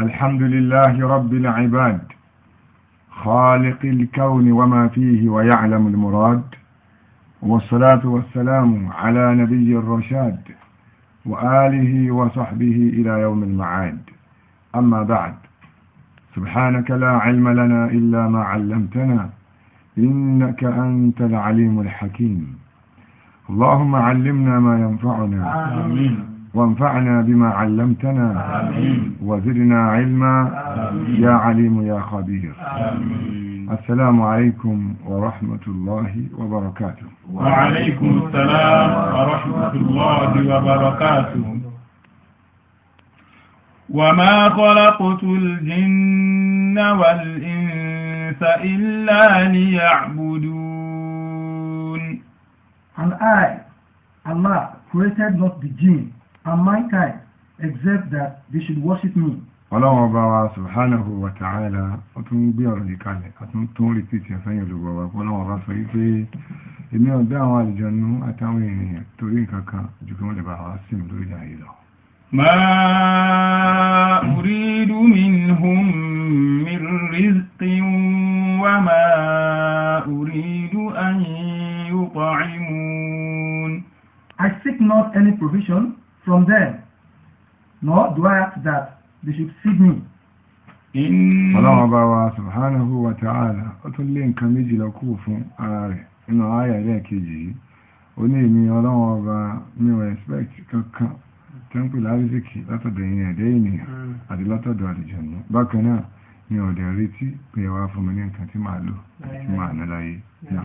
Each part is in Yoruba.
الحمد لله رب العباد خالق الكون وما فيه ويعلم المراد والصلاة والسلام على نبي الرشاد وآله وصحبه إلى يوم المعاد أما بعد سبحانك لا علم لنا إلا ما علمتنا إنك أنت العليم الحكيم اللهم علمنا ما ينفعنا آمين وانفعنا بما علمتنا آمين وزدنا علما آمين يا عليم يا خبير آمين السلام عليكم ورحمة الله وبركاته وعليكم السلام ورحمة الله وبركاته وما خلقت الجن والإنس إلا ليعبدون الآية Allah created not the jinn are my kind except that they should worship me. ọlọ́run ọba wa subhanahu wa ta'ala ó tún gbé ọ̀rọ̀ yìí kalẹ̀ a tún tún rìpíìtì ẹ̀fẹ́yìn olùgbọ̀ wa ọlọ́run ọba sọ wípé èmi ò dá àwọn àlùjọ̀nnú àtàwọn ènìyàn torí nǹkan kan ju kí wọ́n lè bá wa sí mi lórí ayé lọ. ma uridu minhum min rizqin wa ma uridu an yut'imun. I seek not any provision from them, nor do I ask that they should feed me. Ọlọ́run ọba wa Subhanahu wa ta'ala, ó tún lé nǹkan méjì lọ kú fún ara rẹ̀ nínú ayà rẹ̀ kejì yìí. Ó ní èmi ọlọ́run ọba mi ò respect kankan tó ń pè lárísìkì látọ̀dọ̀ ìyìn ẹ̀dẹ́ ènìyàn hmm. àti látọ̀dọ̀ àlùjànnú. Bákan náà, mi ò retí pé ẹ wá fún mi ní nǹkan tí màá lò àti màá ná hmm. náà.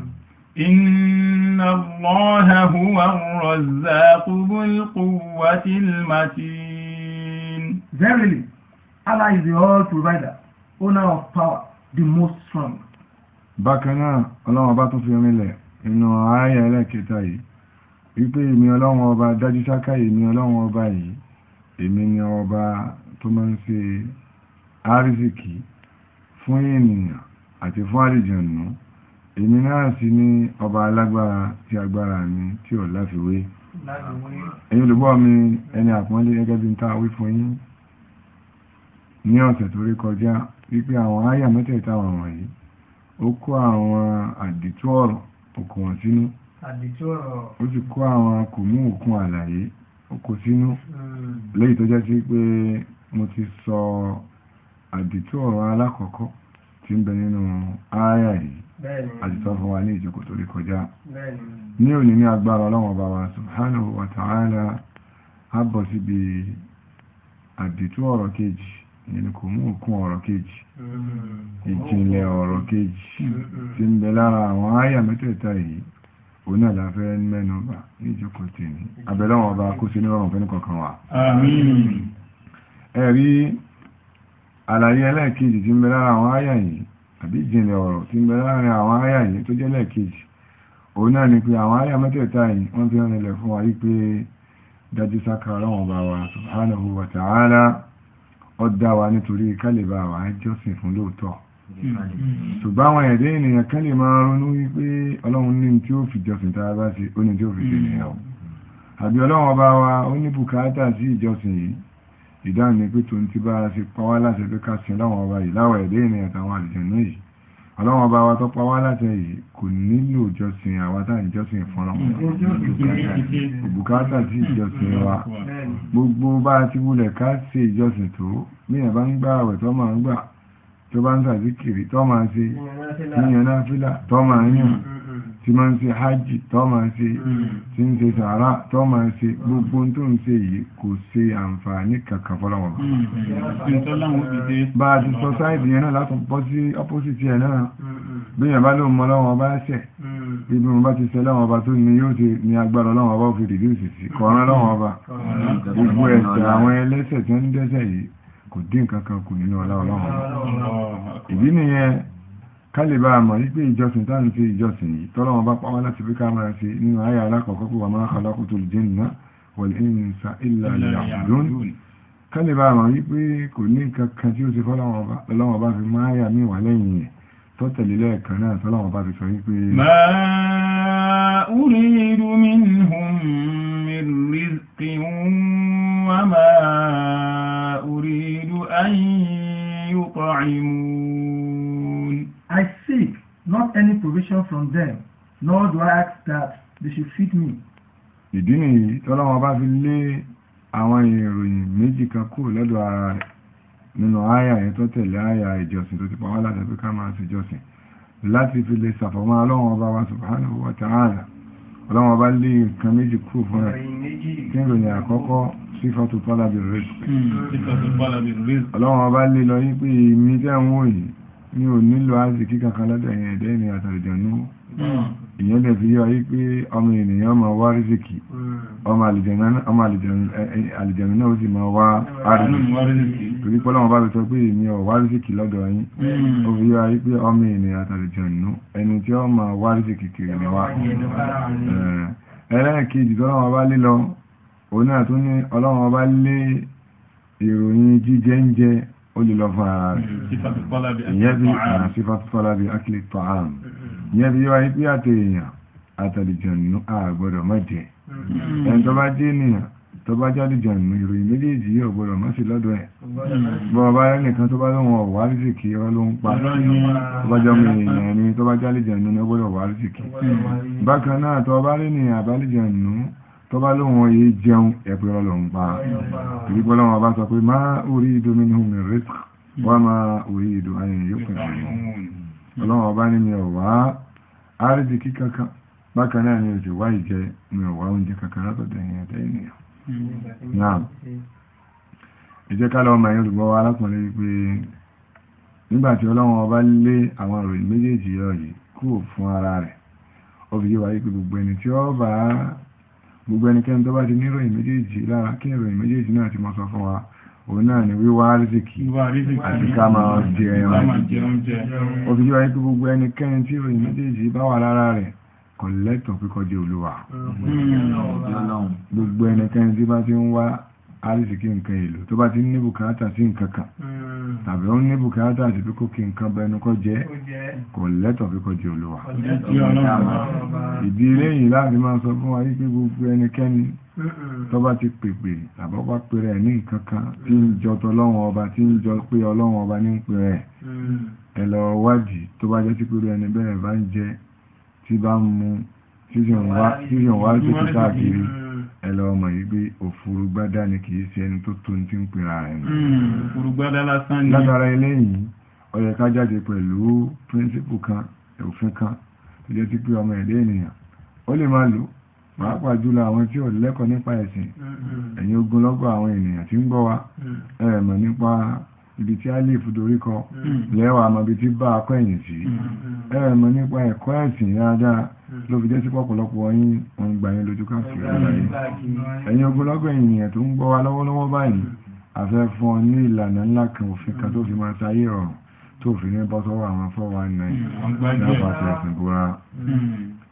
إن الله هو الرزاق ذو القوة المتين Verily, Allah is the all provider, owner of power, the most strong. Bákan náà, Ọlọ́run ọba tún fi rinlẹ̀ inú ààyè ẹlẹ́kẹta yìí, wípé èmi Ọlọ́run ọba dájú sáká èmi Ọlọ́run ọba yìí, èmi ni ọba tó máa ń ṣe àrísìkì fún ènìyàn àti fún àlìjànú èmi náà sì ni ọba alágbára tí agbára mi tí ò láfiwé ẹ̀yin olùgbọ́ mi ẹni àpọ́nlé gẹ́gẹ́ bí n ta wí fún yín ní ọ̀sẹ̀ tó rí kọjá wípé àwọn áyà mẹ́tẹ̀ẹ̀ta wọ̀n yìí ó kó àwọn àdìtú ọ̀rọ̀ òkú wọn sínú ó sì kó àwọn kòmú òkun àlàyé òkú sínú hmm. lẹ́yìn tó jẹ́ sí pé mo ti sọ àdìtú ọ̀rọ̀ alákọ̀ọ́kọ́ tí ń bẹ nínú áyà yìí àtìtọ́ fún wa ní ìjókòó tó lè kọjá ní òní ní agbára ọlọ́wọ̀n bá wa subhanahu wa ta'ala a bọ̀ síbi àdìtú ọ̀rọ̀ kejì ìyẹn kò mú òkun ọ̀rọ̀ kejì mm-hmm. ìjìnlẹ̀ ọ̀rọ̀ kejì mm-hmm. tí ń bẹ lára àwọn àyà mẹ́tẹ̀ẹ̀ta yìí òun náà la fẹ́ mẹ́nu bà ní ìjókòó tì ní abẹ́lẹ́wọ̀n ọba kó sí nírọ̀rùn fẹ́ni kankan wa. ẹ̀rí àlàyé ẹlẹ́ẹ̀kejì tí ń bẹ lára àwọn àyà yìí àbí ìjìnlẹ̀ ọ̀rọ̀ tí ń bẹ láàrin àwọn àyà yìí tó jẹ́ lẹ́ẹ̀kejì òun náà ni pé àwọn àyà mẹ́tẹ̀ẹ̀ta yìí wọ́n fi rìn lẹ̀ fún wa yí pé dájú sáka ọlọ́wọ̀n bá wa subhanahu wa ta'ala ó dá wa nítorí kálíbà wa jọ́sìn fún lóòótọ́ ṣùgbọ́n àwọn ẹ̀dẹ́ ènìyàn kan lè máa ronú wípé ọlọ́run ní tí ó fi jọ́sìn tá bá ṣe ó ní tí ó fi ṣe nìyàwó àbí ọlọ́run ọba wa ó ní bùkátà sí ìjọ́sìn yìí ìdáhùn ni pé tòun ti bá ara fi pa wá láti pé ká sin láwọn ọba yìí láwọn ẹ̀dẹ́ ènìyàn àtàwọn àlùjànnú yìí ọlọ́wọ́n ọba wa tó pa wá láti yìí kò nílò ìjọsìn àwa tá ìjọsìn fún ọlọ́wọ́n bùkátà sí ìjọsìn wa gbogbo bá a ti wulẹ̀ ká ṣe ìjọsìn tó níyàn bá ń gbá àwẹ̀ tó máa ń gbà tó bá ń sàdíkìrì tó máa ṣe níyàn náà fílà tó máa ń yàn tí máa ń ṣe hajj tó máa ṣe hmm. tí ń ṣe sàárà tó máa ṣe gbogbo tó ń ṣe yìí kò ṣe àǹfààní kankan fọlọ́wọ́n. Hmm. bá a ti sọ sáìdì yẹn náà látún bọ́ sí ọ́pọ́sìtì ẹ̀ náà hmm. bí yẹn bá lóun mọ lọ́wọ́n bá ṣẹ̀ ibi mo bá ti ṣe lọ́wọ́n ọba tó ní yóò ti ní agbára lọ́wọ́n ọba òfin rìdíù sì sí kọ́ran lọ́wọ́n ọba gbogbo ẹ̀ṣẹ̀ àwọn ẹlẹ́ṣẹ̀ tí wọ́n ń dẹ́ṣẹ̀ yìí kò dín kankan kù nínú ọlá ọlọ́wọ́n ìdí kálíbà àmọ̀ wípé ìjọsìn táà ń fi ìjọsìn yìí tọ́lọ́wọ́n bá pàwọ́ láti bí ká máa ṣe nínú ayé alákọ̀ọ́kọ́ pé wà máa khalaqtu al-jinna wal-insa illa liya'budun kálíbà àmọ̀ wípé kò ní nǹkan kan tí ó ṣe fọ́lọ́wọ́n bá fi máa yà mí wà lẹ́yìn yẹn tó tẹ̀lé lẹ́ẹ̀kan náà tọ́lọ́wọ́n bá fi sọ wípé. ma uridu minhum min rizqin want any provision from them, nor do I ask that they should feed me. Ìdí nìyí tọ́lọ́wọ́n bá fi lé àwọn ìròyìn méjì kan kúrò lọ́dọ̀ ara rẹ̀ nínú àyà yẹn tó tẹ̀lé àyà ìjọsìn tó ti pa wọ́n láti pé ká máa ṣe jọsìn láti fi lè ṣàfọ̀mọ́ ọlọ́wọ́n ọba wa subhanahu wa ta'ala ọlọ́wọ́n ọba lé nǹkan méjì kúrò fún rẹ̀ tí ìròyìn àkọ́kọ́ sífàtú pálàbì rẹ̀ ọlọ́wọ́n ọba lé lọ yí pé èmi tẹ́ ń wò ní o nílò áàzìkí kankan lọ́dọ̀ ẹ̀yìn ẹ̀dẹ́ ìrìn àtàlìjọ̀nú hmm. ìyẹn dẹ̀ fi yíwa wípé ọmọ ènìyàn máa wá rísìkì hmm. ọmọ àlìjọ̀nú náà ó sì máa wá rísìkì torí pé Ọlọ́run bá fi sọ pé èmi ò wá rísìkì lọ́dọ̀ yín hmm. ó fi yíwa wípé ọmọ ènìyàn àtàlìjọ̀nú ẹni tí ó máa wá rísìkì kiri ni wá eh. ẹlẹ́ẹ̀kejì tó Ọlọ́run lé lọ òun náà tún ní Ọlọ́run lé ìròyìn jíjẹ ń jẹ ó lè lọ fún ara rẹ̀ ìyẹ́bí àṣífà tọ́lá bí akílì tọ́hán ìyẹ́bí yóò wáyé pé àti èèyàn àtàlìjọ̀nù àgbọ̀dọ̀ má jẹ́ mm. ẹni tó bá jẹ́ ènìyàn tó bá jáde jọ̀nù ìròyìn méjèèjì yóò gbọ́dọ̀ má sí lọ́dọ̀ ẹ̀ bọ́ ọba rẹ̀ nìkan tó bá lóun ọ̀wá rìsìkì ọ ló ń pa tó bá jọmọ èèyàn ni tó bá jáde jọ̀nù ni ó gbọ́dọ̀ wá rìsìkì bákan náà tó bá rí ènìyàn àbálìjọ̀nù tó bá lóhun yìí jẹun ẹ̀pẹ́ ọlọ́run pa torí pé ọlọ́run ọba sọ pé má orí ìdó mi níhùn mi rẹ̀ wá máa orí ìdó ayẹyẹ yóò pẹ̀lú ọlọ́run ọba ní mi ọ̀wá àrídìkí kankan bákan náà ni òjò wá ìjẹ mi ọ̀wá oúnjẹ kankan látọ̀dọ̀ ẹ̀yìn ẹ̀dá ènìyàn náà ìjẹ́ ká lọ́wọ́ màá yóò wa alákùnrin pé nígbàtí ọlọ́run ọba lé àwọn ìròyìn méjèèjì yọ yìí kúrò fún ara rẹ̀ ó fi yé wa pé gbogbo ẹni tí ó gbogbo ẹnikẹ́ni tó bá ti níròyìn méjèèjì lára kí ìròyìn méjèèjì náà ti mọ́ sọ fún wa òun náà ni wíwá rìsìkì àti ká máa jẹ ẹran òbí yóò wáyé pé gbogbo ẹnikẹ́ni tí ìròyìn méjèèjì bá wà lára rẹ̀ kò lẹ́tọ̀ọ́ kíkọ́ di olúwa hmm. gbogbo ẹnikẹ́ni tí bá ti ń wá rìsìkì nǹkan èlò tó bá ti ní bùkátà sí nǹkan kan hmm tàbí ó ní bùkátà àti pé kó kí nǹkan bẹnu kọ́ jẹ́ kò lẹ́tọ̀ pé kọ́ jẹ́ olúwa ìdí eléyìí láti máa sọ fún wa wípé gbogbo ẹnikẹ́ni tó bá ti pèpè àbọ́pá pèrè ẹ̀ ní nǹkan tí ń jọ tọlọ́run ọba tí ń jọ pé ọlọ́run ọba ní pèrè ẹ̀ mm. ẹ lọ wádìí tó bá jẹ́ sí ẹni bẹ́ẹ̀ bá ń jẹ tí bá ń mu tí sì ń wá tètè káàkiri. ẹlọ ọmọ yìí pé òfurugbádá ni kìí ṣe ẹni tó tó ti ń pera rẹ̀ nù. Hmm, òfurugbádá lásán ni. látara eléyìí ó yẹ ká jáde pẹ̀lú píríncípù kan òfin kan tó jẹ́ ti pé ọmọ ẹ̀dá ènìyàn ó lè máa lò pàápàá jùlọ àwọn tí ò lẹ́kọ̀ọ́ nípa ẹ̀sìn hmm, hmm. ẹ̀yin ogunlọ́gọ̀ àwọn ènìyàn wa nípa ibi tí alif dorí kọ lẹ́wà hmm. àmọ́ ibi tí bá a kọ́yìn sí hmm. hmm. ẹ̀rẹ̀ mọ́ nípa ẹ̀kọ́ ẹ̀sìn dáadáa ló fi jẹ́ sí pọ̀pọ̀lọpọ̀ yín òun gbà yín lójú káàkiri àgbáyé ẹ̀yin ogunlọ́gọ̀ ènìyàn tó ń gbọ́ wa lọ́wọ́lọ́wọ́ báyìí àfẹ́ fún ọ ní ìlànà ńlá kan òfin kan tó fi máa tayé rọrùn tó fi ní bọ́ sọ́wọ́ àwọn fọ́wọ́ náà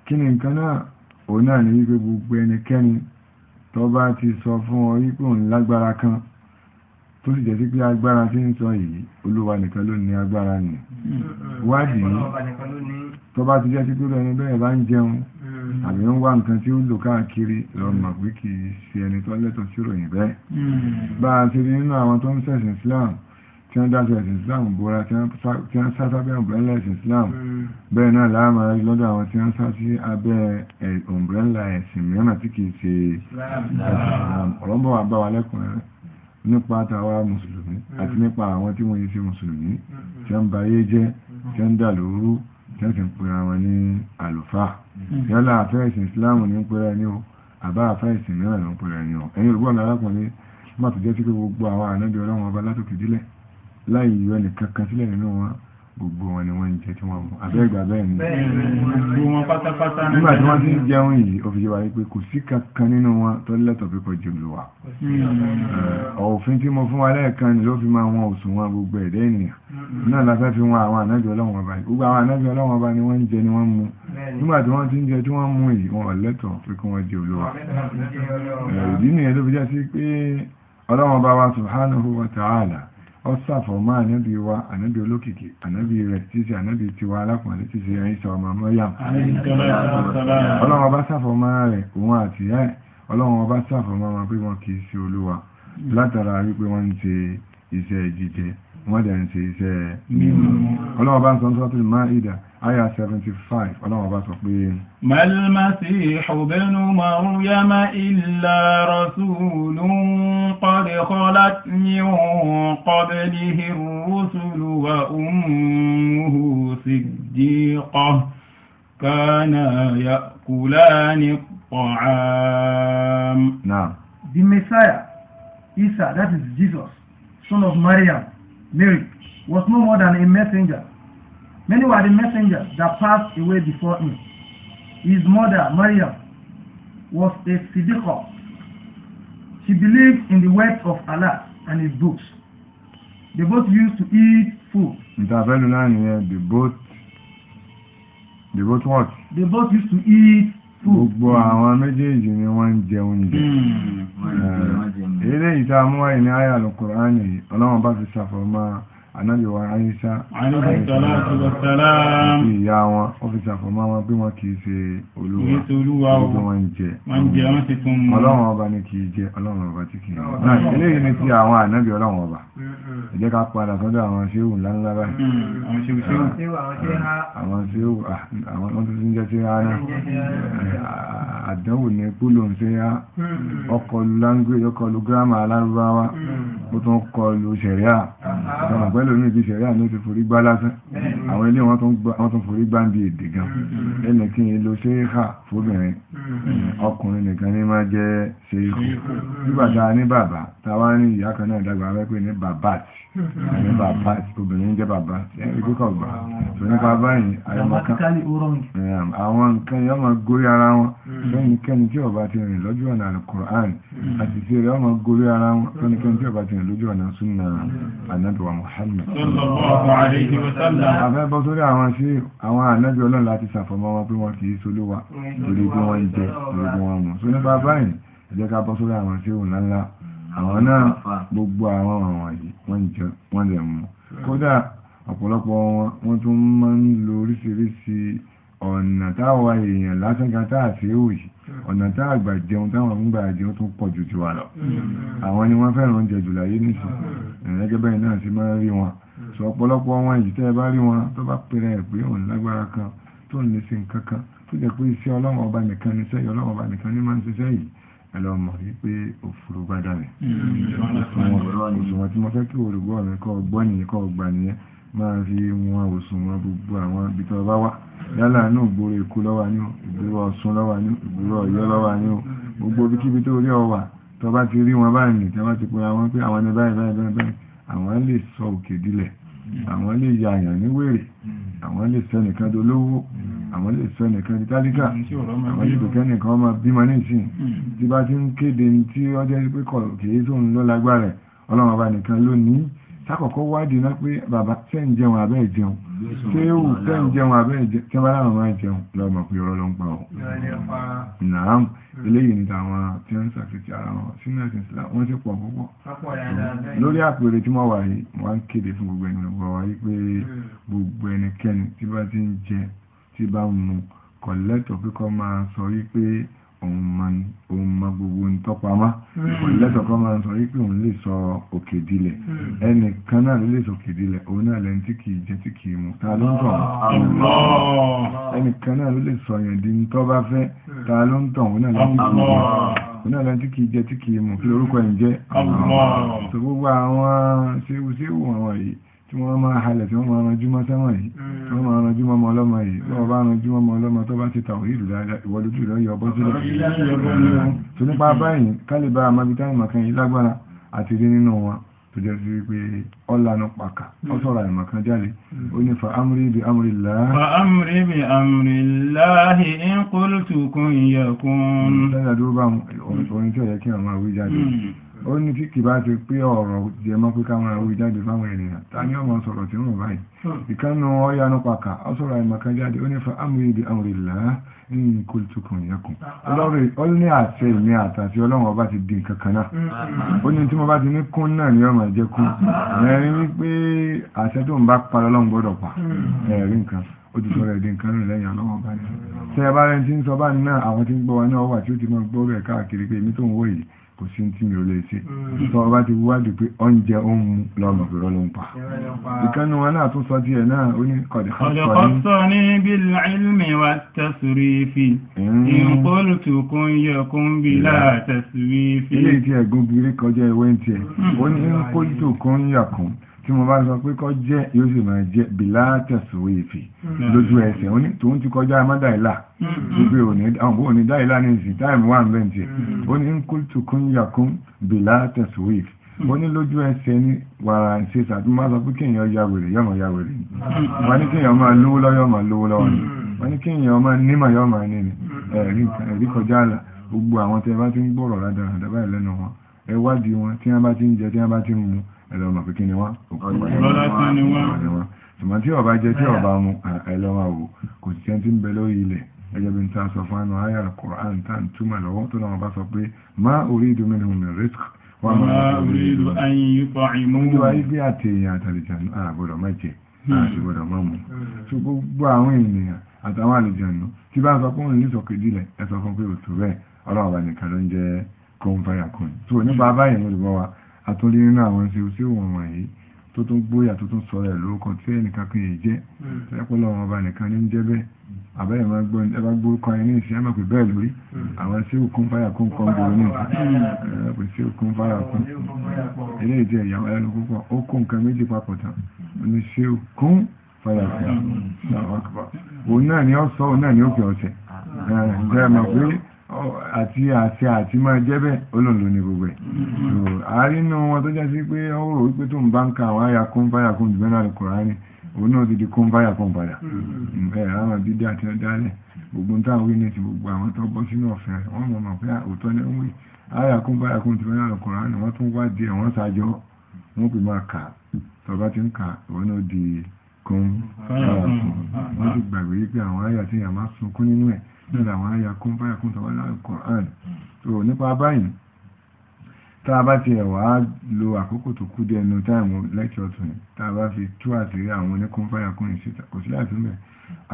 ni nǹkan náà òun náà ní wípé gbogbo ẹnikẹ́ni tó tó sì jẹ́ sí pé agbára tí ń sọ yìí olúwa nìkan ló ní agbára nì wádìí tó bá ti jẹ́ sí pé ẹni bẹ́ẹ̀ bá ń jẹun hmm. àbí ń wá nǹkan tí ó lò káàkiri lọ́mọ hmm. pé kì í ṣe ẹni tó lẹ́tọ̀ọ́ sí ròyìn bẹ́ẹ̀ hmm. bá a ti rí nínú àwọn tó ń ṣẹ̀sìn Islam tí wọ́n dáṣọ ẹ̀sìn Islam bóra tí wọ́n sá sábẹ́ ọ̀mbrẹ́là ẹ̀sìn Islam bẹ́ẹ̀ náà láàmà lọ́dọ̀ àwọn tí wọ́n sá sí abẹ́ ọ̀mbrẹ́là ẹ̀sìn mìíràn tí kì í ṣe ẹ̀sìn Islam ọ̀rọ̀ ń bọ̀ wá bá wa lẹ́kùnrin rẹ̀ nípa tàwa mùsùlùmí àti hmm. nípa àwọn tí wọ́n yí sí mùsùlùmí hmm. tí wọ́n bá yé jẹ́ hmm. tí wọ́n dà lóru tí wọ́n sì ń pera wọn ní àlùfáà yálà àfẹ́ẹ̀sìn islam ní ń pera ní o àbá àfẹ́ẹ̀sìn mìíràn ní ń pera ní o ẹ̀yin olùgbọ́n mi má tó jẹ́ sí pé gbogbo àwọn ànábì ọlọ́run ọba látòkè dílẹ̀ láì yọ ẹnì kankan sílẹ̀ nínú wọn gbogbo wọn ni wọ́n ń jẹ tí wọ́n mú abẹ́gbà bẹ́ẹ̀ ni nígbà tí wọ́n ti ń jẹun yìí ó fi yé wa pé kò sí kankan nínú wọn tó lẹ́tọ̀ pípọ̀ jù lù òfin tí mo fún wa lẹ́ẹ̀kan ni ló fi máa wọn òsùn wọn gbogbo ẹ̀dẹ́ ènìyàn mm-hmm. náà la fẹ́ fi wọn àwọn ànájọ ọlọ́wọ́n ọba gbogbo àwọn ànájọ ọlọ́wọ́n ọba ni wọ́n ń jẹ ni wọ́n mú nígbà tí wọ́n ti ń jẹ tí wọ́n mú yìí wọn ò pé kí wọ́n jẹ olúwa ìdí nìyẹn ló fi jẹ́ sí pé ọlọ́wọ́n ọba wa subhanahu wa ta'ala ọ́sàfọ̀ mọ́ ànábì wa ànábì olókìkí ànábì rẹ̀ títí ànábì tiwa alákùnrin títí ẹ̀yìn sọ ọmọ mọ́yàm ọlọ́run ọba sàfọ̀ mọ́ òun àti ẹ̀ ọlọ́run ọba sàfọ̀ wọn pé wọn kì í ṣe olúwa látara wípé wọ́n ń ṣe iṣẹ́ jíjẹ wọ́n dẹ̀ ń ṣe iṣẹ́ mímọ́ ọlọ́wọ́ bá ń sọ ń sọ́tún Maida aya 75 ọlọ́wọ́ bá sọ pé mal masihu binu maryama illa rasulun qad khalat min qablihi rusulu wa ummuhu siddiqah kana yakulani ta'am. Now, the Messiah, Isa, that is Jesus, son of Maryam, Mary, was no more than a messenger. Many were the messengers that passed away before him. His mother, Maryam, was a Siddiqah. She believed in the words of Allah and his books. They both used to eat food. they both they both what? They both used to eat food. Gbogbo àwọn méjèèjì ni wọ́n ń jẹun jẹ. Hmm, eléyìí tá a mú wáyé ní àyà Al-Qur'ani bá fi ṣàfọ̀mọ́ ànábì wa àyíṣá àti ìyá wọn ọ́fíìsì àfọ̀mọ́ wọn bí wọ́n kìí ṣe olúwa gbogbo wọn jẹ ọlọ́run ọba ni kìí jẹ ọlọ́run ọba tí kìí jẹ náà eléyìí ni ti àwọn ànábì ọlọ́run ọba ẹ jẹ́ ká padà sọ́dọ̀ àwọn ṣéwù ńláńlá báyìí hmm, àwọn ṣéwù ah, ah, àwọn tó ti ń jẹ́ ṣéwù ara eh, àdánwò ní gbólóhùn ṣéwù ọkọlù hmm. language ọkọlù gírámà alárúbáwá hmm. ó tún kọlù ṣẹ̀ríà ah, pẹ́ lómi ti ṣẹ̀rí àná ti forí gbá lásán àwọn ilé wọn tún forí gbá ń bi èdè gan ẹnì kí n lo ṣéèkà fóbìnrin ọkùnrin nìkan ní máa jẹ́ ṣéèkù nígbà tá a ní bàbá tá a wá ní ìyá kan náà dàgbà wẹ́ pé ní bàbá tì àní bàbá tì obìnrin jẹ́ bàbá tì ẹni kíkọ̀ gbà tó nípa báyìí àwọn nǹkan yẹn máa gorí ara wọn lẹ́yìn kẹ́ni tí ọba ti rìn lójú ọ̀nà alukur'an àti tí rẹ̀ ọmọ gorí ara wọn lẹ́yìn kẹ́ni tí ọba ti rìn lójú ọ̀nà sunna anabiwa muhammad Muhammad afẹ́ bọ́ sórí àwọn sí àwọn ànájọ́ ọlọ́run láti ṣàfọ̀mọ́ wọn pé wọn kì í solówà torí bí wọ́n ń jẹ torí bí wọ́n mú so nípa báyìí ẹ jẹ́ ká bọ́ sórí àwọn sí òun ńláńlá àwọn náà gbogbo àwọn àwọn yìí wọ́n jẹ wọ́n lè mú kódà ọ̀pọ̀lọpọ̀ wọn wọ́n tún máa ń lo oríṣiríṣi ọ̀nà táwa èèyàn lásán kan táà sí òyì ọ̀nà tá àgbà jẹun táwọn ń gbà jẹun tó pọ̀ jù tiwa lọ mm. àwọn ni wọ́n fẹ́ràn oúnjẹ jù láyé nìsín mm. ẹ̀rẹ́gẹ́ bẹ́ẹ̀ náà sì máa rí wọn mm. sọ ọ̀pọ̀lọpọ̀ wọn èyí tẹ́ ẹ bá rí wọn tó bá pèrè ẹ̀ pé òun lágbára kan tó ń lè ṣe nǹkan kan tó jẹ́ pé iṣẹ́ ọlọ́run ọba nìkan ní sẹ́yìn ọlọ́run ọba nìkan ní máa ń ṣiṣẹ́ yìí ẹ lọ mọ̀ wípé òfurufú bá dà mí òṣùwọ̀n tí mo fẹ́ kí òrùgbọ́ mi kọ́ gbọ́ nìyẹn kọ́ gbà nìyẹn máa fi wọn òṣùwọ̀n gbogbo àwọn ibi tó bá wà yálà ní ìgboro èkó lọ́wà ní ìgboro ọ̀ṣun lọ́wà ní ìgboro ọ̀yọ́ lọ́wà ní gbogbo ibikíbi tó rí ọwà tó bá ti rí wọn báyìí tó bá ti pe àwọn pé àwọn ẹni báyìí báyìí báyìí àwọn lè sọ òkè dilẹ̀ àwọn lè ya àyàn ní wèrè àwọn lè sọ nìkan dolówó àwọn lè sọ nìkan di tálíkà àwọn lè dùkẹ́ nìkan ọmọ bímọ nísìn hmm. tí bá ti ń kéde tí ọjọ́ pé kò kìí tó ń lọ lágbára ọlọ́run ọba nìkan lónìí sákọ̀kọ́ wádìí náà pé bàbá tẹ́ ń jẹun abẹ́ ìjẹun ṣé ó tẹ́ ń jẹun abẹ́ ìjẹun tẹ́ bá láwọn máa jẹun lọ́mọ pé ọ̀rọ̀ ló ń pa ọ́. nàám eléyìí ni tàwọn tí wọ́n ń ṣàkíyèsí ara wọn sínú ẹ̀sìn Islam wọ́n sì pọ̀ púpọ̀. lórí àpèrè tí wọ́n wà yìí wọ́n ń kéde fún gbogbo ẹni lọ́wọ́ wáyé pé gbogbo ẹnikẹ́ni tí bá ti ń jẹ tí bá ń mu kọ̀lẹ́tọ̀ pé kọ́ máa sọ wípé òun mọ gbogbo ntọ́pamọ́ hmm. lẹ́tọ̀ọ́ kan máa ń sọ wípé òun lè sọ òkè dilẹ̀ hmm. ẹnì kan náà lè sọ òkè dilẹ̀ òun náà lẹ́ni tí kìí jẹ tí kìí mu ta ló ń tọ̀ ẹnì kan náà lè sọ yẹn di ntọ́ bá fẹ́ hmm. ta ló ń tọ̀ òun náà lẹ́ni tí kìí mu òun náà lẹ́ni tí kìí jẹ tí kìí mu kí lórúkọ ẹ̀ jẹ́ ọ̀gbọ́n tó gbogbo àwọn ṣéwúṣéwú àwọn yìí tí wọ́n máa halẹ̀ tí wọ́n máa ranjú mọ́ sẹ́wọ̀n yìí mm. tí wọ́n máa ranjú mọ́ ọmọ ọlọ́mọ yìí tí wọ́n bá ranjú mọ́ ọmọ ọlọ́mọ tó bá ti tàwọ̀ ìlú dáadáa ìwọ́lójú lọ yọ ọbọ̀ sílẹ̀ tó nípa báyìí kálíbà amábítá ìmọ̀kan yìí lágbára àti rí nínú wọn tó jẹ́ sí pé ọlànà pàkà ó mm. sọ̀rọ̀ àìmọ̀kan jáde mm. ó ní fa amúrí bi amúrí láà. fa amúrí bi amúrí láàhì ó ní tí kì bá ti pé ọ̀rọ̀ jẹ mọ́ pé káwọn àwọn ìjáde fáwọn ènìyàn ta ni ọmọ sọ̀rọ̀ tí wọ́n báyìí hmm. ìkánu ọ̀yanu pàkà ọ̀sọ̀rọ̀ àìmọ̀kan jáde ó ní fa amúyí di àwọn ìlà ní kó tukùn yẹkùn ọlọ́run ó ní àṣẹ ìní àtàtì ọlọ́run ọba ti di nǹkan kan náà hmm. ó ní tí mo bá ti ní kún náà ni ọmọ ìjẹ kún hmm. ẹ̀rín wípé àṣẹ tó ń bá pa ọlọ́run gbọ́dọ̀ pa ẹ̀rín nǹkan ó ti ni tẹ́ ẹ bá rẹ ti ń sọ bá ní náà àwọn tí ń gbọ́ wa náà wà kò sí tí mi ò lè ṣe hmm. tó ọba ti wádìí pé oúnjẹ ó ń mu lọ́mọ pé ló ń pa ìkànnì wọn náà tún sọ tí ẹ̀ náà ó ní kọ̀dẹ̀ kọ́sọ̀ ní bil ilmi wa tasrifi ìkólùtù hmm. kún yẹkún bí la taswifi ilé tí ẹ̀gún bí rí kọjá ẹwẹ́ ń hmm. ó ní ìkólùtù kún yẹkún tí mo bá sọ pé kọ́ jẹ́ yóò sì máa jẹ́ bìlátẹ̀sùwé ìfì hmm. lójú ẹsẹ̀ òní tòun ti kọjá amádáìlá hmm. wípé àwọn bó òní dáìlá ní ìsìn táìmù wà ń bẹ̀ ntì ó ní ń kúlùtùkún yàkún bìlátẹ̀sùwé ìfì ó ní lójú ẹsẹ̀ ní wàrà ṣe sàtún máa sọ pé kéèyàn ya wèrè yọmọ ya wèrè ni hmm. wọn ní kéèyàn máa lówó lọ́yọ́ máa lówó lọ́wọ́ ni wọn ní kéèyàn máa nímọ̀ yọ́ máa ní ni ẹ̀rí kọjá àlà gbogbo àwọn tẹ́ bá ti ń gbọ́rọ̀ ládàá àdábáyé lẹ́nu wọn ẹ wádìí wọn tí wọ́n bá ti ń jẹ tí wọ́n bá ti ń mu ẹlọ́mà pé kí ni wọ́n ọ̀pọ̀lọ́lá ni wọ́n ṣùgbọ́n tí ọba jẹ́ tí ọba mu ẹlọ́mà wò kò sí ẹntí ń bẹ lórí ilẹ̀ ẹjẹ́ bí n ta sọ fún àwọn ayà Al-Qur'an tá n túmọ̀ lọ́wọ́ tó náà bá sọ pé má uridu minhum min rizq wọ́n máa uridu an yut'imun nígbà wáyé bí àtẹ̀yìn àtàlìjàn àgbọ̀dọ̀ má jẹ àgbọ̀dọ̀ hmm. má mu ṣùgbọ́n hmm. gbogbo àwọn ènìyàn àtàwọn àlìjàn tí bá sọ pé òun ní ẹ sọ fún pé òtún bẹ́ẹ̀ ọlọ́run àtúndí nínú àwọn ṣe sí òun wọ̀nyí tó tún gbóyà tó tún sọ̀rọ̀ ẹ̀ lóókan tí ẹnìkan kan yìí jẹ́ hmm. ẹ̀pọ̀lọ̀ ọba nìkan ní jẹ́ bẹ́ẹ̀ àbẹ́yẹ̀ máa gbọ́ ẹbá gbórúkọ ẹni ìṣẹ́ ẹ̀mọ̀ pé bẹ́ẹ̀ lórí hmm. àwọn sí òkun fáyà kún kan gbòòrò ní ìṣẹ́ òkun hmm. fáyà kún ilé ìjẹ́ ìyàwó ẹnu púpọ̀ ó kún nǹkan méjì papọ̀ tán ní sí òkun fáyà kún òun náà ni ó sọ òun náà ni ó fi ọ̀sẹ̀ ẹ̀ àti àti àti máa jẹ́ bẹ́ẹ̀ olóòlò ní gbogbo ẹ̀ àárín inú wọn tó jásí pé ó rò wípé tó ń bá ń ka àwọn ayakún báyakún jùlọ náà Kùránì òun náà ti di kún báyakún padà ẹ̀ àwọn dídí àti ọ̀dálẹ̀ gbogbo ń táwọn wíní ti gbogbo àwọn tó bọ́ sínú ọ̀fẹ́ wọ́n mọ̀ mọ̀ pé òótọ́ ni ó ń wí ayakún báyakún jùlọ náà Kùránì wọ́n tún wá di àwọn sàjọ́ wọ́n pè máa kà tọ́ba ti ń kà òun bẹ́ẹ̀ làwọn ayakún báyakún tọ́wọ́ láàrín Qur'an tó nípa báyìí tá a bá ti ẹ̀wà lo àkókò tó kú dẹnu táìmù lẹ́kṣọ̀ tó ní tá a bá fi tú àṣírí àwọn oníkún báyakún yìí síta kò sí láti mẹ́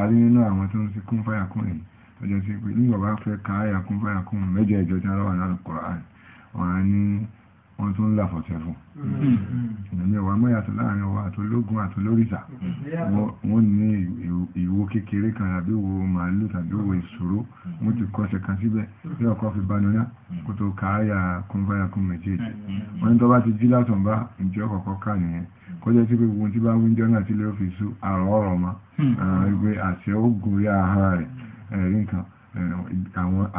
àrí nínú àwọn tó ń fi kún báyakún yìí tọ́jọ́ sí pé nígbà bá fẹ́ ka ayakún báyakún mẹ́jọ ìjọ tí wọ́n wà láàrín Qur'an ọ̀ràn ní wọ́n tún là fọ̀tẹ̀ fún ìrìnlẹ̀ wa mọ́ yàtọ̀ láàrin ọwọ́ àtológun àtolórìṣà wọ́n ní ìwo kékeré kan àbí wo màálù tàbí wo ìṣòro wọ́n ti kọ́sẹ̀ kan síbẹ̀ bí ọkọ̀ fi bá nuná kó tó kááyà kúnbáyà kún méjèèjì wọ́n ní tó bá ti jí látọ̀ bá ìjọ kọ̀ọ̀kọ́ ká nìyẹn kọjá sí pé gbogbo tí bá wíńjọ́ náà sílé ọ́fíìsù àrọ̀ ọ̀rọ̀ ma ìgbé àṣẹ ó gòrí ahọ́n rẹ̀ ẹ̀rí nǹkan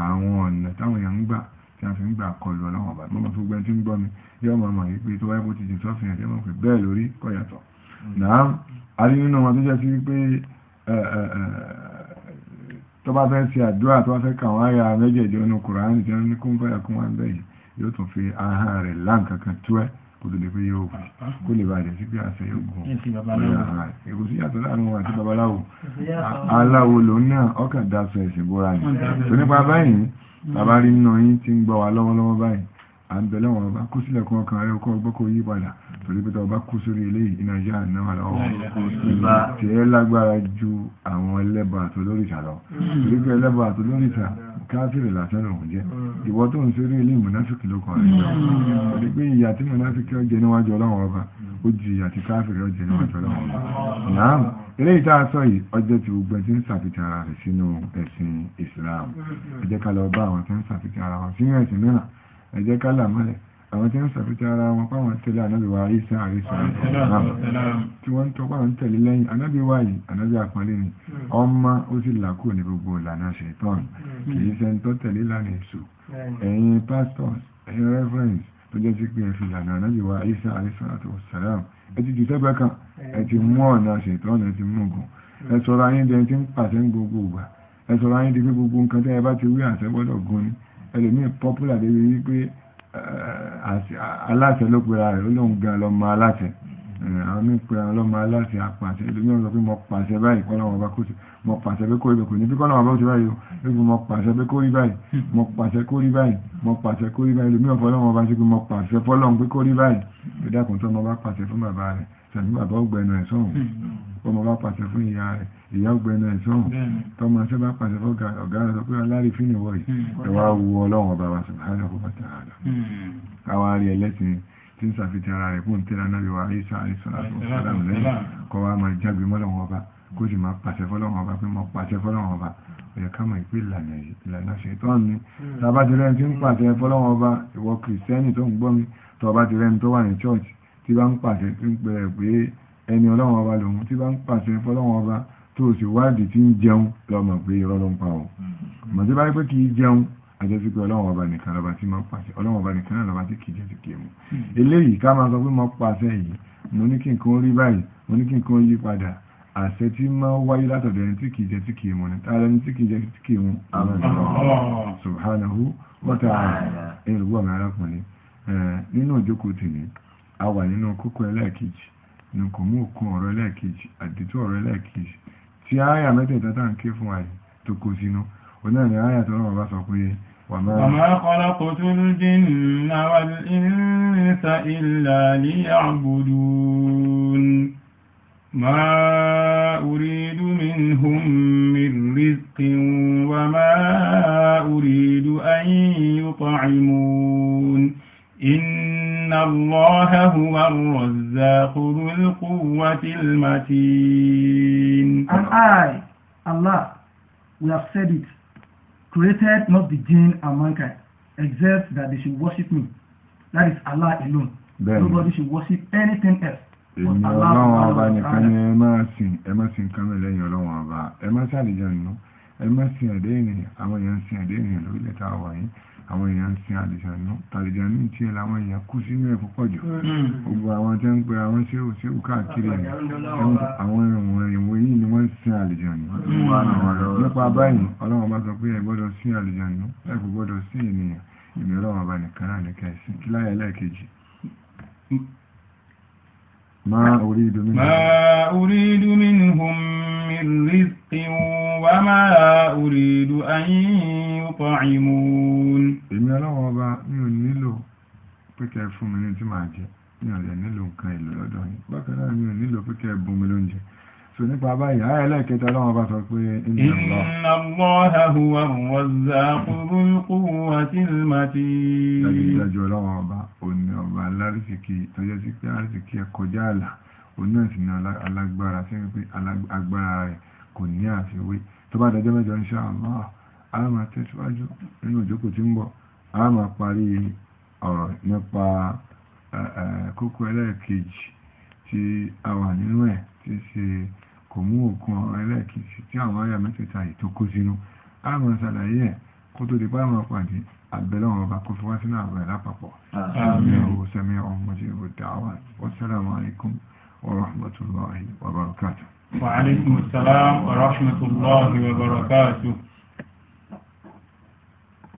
àwọn ọ̀nà táwọn èèyàn ń gbà tí a fi ń gbà kọlu ọlọ́run ọba mọ́mọ́ fún gbẹ́ntí ń gbọ́ mi yọ́ mọ̀ mọ̀ yìí pé tó wáyé bó ti jù sọ́fìn ẹ̀jẹ̀ mọ̀ pé bẹ́ẹ̀ lórí kọ́ yàtọ̀ náà a rí nínú wọn tó jẹ́ sí pé tó bá fẹ́ ṣe àdúrà tó bá fẹ́ kà wọ́n ara mẹ́jẹ̀ẹ̀jọ inú kùránì tí wọ́n ní kó ń bọ̀yà kó wọ́n bẹ́ẹ̀ yóò tún fi ahọ́n rẹ̀ láǹkankan tú ẹ́ kó tó lè pé yóò fi kó lè bàjẹ́ sí pé àṣẹ yóò gùn èkó sí yàtọ̀ láàrin wọn àti babaláwo aláwo lòun náà ọkàn dáṣọ ẹ̀sìn bóra ni tó nípa báyìí bàbá rí nínú yín tí ń gbọ́ wa lọ́wọ́lọ́wọ́ báyìí à ń bẹ̀lẹ̀ wọn bá kú sílẹ̀ kún ọkàn rẹ ọkọ̀ ọgbọ́ kò yí padà torí pé tọba kú sórí ilé ìnájà náà lọ́wọ́ tí ẹ lágbára ju àwọn ẹlẹ́bọ̀ àtolórìṣà lọ hmm. torí pé ẹlẹ́bọ̀ àtolórìṣà káfíìrì lásán lòun jẹ́ hmm. ìwọ tó ń sórí ilé mùnáfíkì ló kàn rẹ̀ hmm. torí pé ìyà tí mùnáfíkì ó níwájú ọlọ́wọ́ ọba ó ju ìyà tí káfíìrì ó níwájú ọlọ́wọ́ ọba eléyìí tá a sọ yìí ọjọ́ tí gbogbo ẹ ti ń ṣàfihàn ara rẹ̀ sínú ẹ̀sìn Islam ẹ jẹ́ ká lọ bá àwọn tí ń ṣàfihàn ara wọn sínú ẹ̀sìn mìíràn ẹ jẹ́ ká là mọ́lẹ̀ àwọn tí ń ṣàfihàn ara wọn fáwọn tẹ̀lé anábìwá Isa àríṣà tí wọ́n ń tọ́ fáwọn tẹ̀lé lẹ́yìn anábìwá yìí anábì àpọ́nlé ni ọmọ ó sì là kúrò ní gbogbo ìlànà ṣètọ́n kì í ṣe ń tọ́ tẹ̀lé lánàá èṣù ẹ̀yin pastors ẹ̀yin reverends tó jẹ́ sí pé ẹ fi ìlànà anábìwá Isa àríṣà àti ọ̀sàlámù ẹ ti jù sẹ́gbẹ́ kan ẹ ti mú ọ̀nà ṣètọ́nà ẹ ti mú ogun ẹ sọ̀rọ̀ ayé jẹ́ ti ń pàṣẹ ń gbogbo ìgbà ẹ sọ̀rọ̀ ayé di pé gbogbo nǹkan tẹ́ ẹ bá ti wí àṣẹ gbọ́dọ̀ gun ni ẹlòmíì popular débi wípé aláṣẹ ló pera rẹ̀ ó lóun gan lọ́mọ aláṣẹ àwọn mí pé àwọn ọlọ́mọ aláṣẹ apàṣẹ ẹlòmí ọ̀sọ̀ pé mo pàṣẹ báyìí kọ́ làwọn ọba kó ti mo pàṣẹ pé kó rí báyìí kò ní bí kọ́ làwọn ọba ó ti báyìí o lóbi mo pàṣẹ pé kó rí báyìí mo pàṣẹ kó rí báyìí mo pàṣẹ kó rí báyìí ẹlòmí ọ̀fọ̀ ọlọ́mọ ọba ṣe pé mo pàṣẹ fọlọ́n pé kó rí báyìí ìdákùn tó ọmọ bá pàṣẹ fún bàbá rẹ̀ tàbí bàbá ọgbẹ̀nu ẹ̀ sọ́hùn ọmọ bá pàṣẹ fún ìyá rẹ̀ ìyá ọgbẹ̀nu ẹ̀ sọ́hùn tọmọ ṣẹ́ bá pàṣẹ fún ọ̀gá rẹ̀ sọ pé aláàrí fínìwọ̀ yìí ẹ̀wà wu ọlọ́run ọba wa subhanahu wa ta'ala hmm. káwa rí ẹlẹ́sìn tí ń ṣàfihàn ara rẹ̀ fún tẹ́lá náà wà Ìsá àìsàn àìsàn lẹ́yìn kọ́ wa máa jágbe mọ́lọ́wọ́ ọba kó sì máa pàṣẹ fọ́lọ́wọ́ ọba pé mo pàṣẹ fọ́lọ́wọ́ ọba ọ̀yẹ̀ ká mọ̀ ìpè ìlànà ìlànà ṣètọ́ ni hmm. tàbá ti rẹ́ni tí ń pàṣẹ fọ́lọ́wọ́ ọba ìwọ kìrìsìtẹ́nì tó ń gbọ́ mi tọ́ba ti rẹ́ni tó wà ní chọ́ọ̀chì tí bá ń pàṣẹ tí ń pẹ̀rẹ̀ pé ẹni ọlọ́wọ́ ọba lòun o sì wádìí tí ń jẹun lọ́mọ pé irọ́ ló ń pa ọ́ hmm ajẹ́ sí pé ọlọ́run ọba nìkan lọ́ba tí máa pàṣẹ ọlọ́run ọba nìkan lọ́ba tí kìí jẹ́ kìí mu hmm. eléyìí ká máa sọ pé mo pàṣẹ yìí mo ní kí nǹkan rí báyìí mo ní kí nǹkan yí padà àṣẹ tí máa wáyé látọ̀dọ̀ ẹni tí kìí jẹ́ sí kìí mu ni tá ẹni tí kìí jẹ́ sí kìí mu àwọn ọ̀rọ̀ ah. subhanahu wa ta'ala ẹ̀rù wà mí arákùnrin nínú ìjókòó ونحن ni àyà وما خلقت الجن والإنس إلا ليعبدون ما أريد منهم من رزق وما أريد أن يطعمون إن الله هو الرزاق ذو القوة المتين. And الله we have said it created not the jinn and mankind except that they should worship me that is Allah alone Then, nobody should worship anything else èmi ọlọ́run ọba nìkan ni ẹ máa sìn ẹ má sìn nǹkan mẹ́lẹ̀ yẹn ọlọ́run ọba ẹ má sàlìjọ nù ẹ má sìn ẹ̀dẹ́ àwọn èèyàn sìn ẹ̀dẹ́ lórílẹ̀ tá a wà yín àwọn èèyàn ń sin àlìjànú tàlìjànú tí ẹ làwọn èèyàn kú sínú ẹ̀ púpọ̀ jù hmm. gbogbo àwọn tí ń pe àwọn sí òsì káàkiri ẹ̀ àwọn ìwọ̀n ìwọ̀n yìí ni wọ́n ń sin àlìjànú hmm. nípa báyìí ọlọ́run bá sọ pé ẹ gbọ́dọ̀ sin àlìjànú ẹ kò gbọ́dọ̀ sin ènìyàn ìmọ̀ ọlọ́run ọba nìkan náà ní kẹ́sì kíláyà ẹlẹ́ẹ̀kejì ما أريد منهم ما أريد منهم من رزق وما أريد أن يطعمون èmi ọlọ́wọ́ ọba mi ò nílò pé kẹ́ ẹ fún mi ní tí màá jẹ mi ò lè nílò nǹkan èlò lọ́dọ̀ yín bákan náà mi ò nílò pé kẹ́ ẹ bùn mi lóúnjẹ so nípa báyìí ayé ẹlẹ́ẹ̀kẹta ọlọ́run bá sọ pé inna Allaha huwa ar-razzaqu dhul-quwwati al-matin. dájúdájú ọlọ́run ọba òní ọba alárìsìkì tọ́jọ́ sí pé alárìsìkì ẹ̀ kọjá àlà òun náà sì ní alágbára sí pé agbára rẹ̀ kò ní àfiwé tó bá dájọ́ mẹ́jọ insha Allah a máa tẹ̀síwájú nínú ìjókòó tí ń bọ̀ a máa parí ọ̀rọ̀ nípa kókó ẹlẹ́ẹ̀kejì tí a wà nínú ẹ̀ tí ṣe kò mú òkun ọ̀rọ̀ ẹlẹ́ẹ̀kejì tí àwọn àyà mẹ́tẹ̀ẹ̀ta yìí tó kó sínú àwọn ṣàlàyé ẹ̀ kó tó di báwọn pàdé àbẹ̀lọ́wọ̀n ọba kó fi wá sínú àwẹ̀ lápapọ̀ sàmì ọ̀hún sàmì ọ̀hún mọ̀jẹ̀ ìbò dáwà wassalamu alaikum wa rahmatullahi wa barakatuh. wa alaikum assalam wa rahmatullahi wa barakatuh.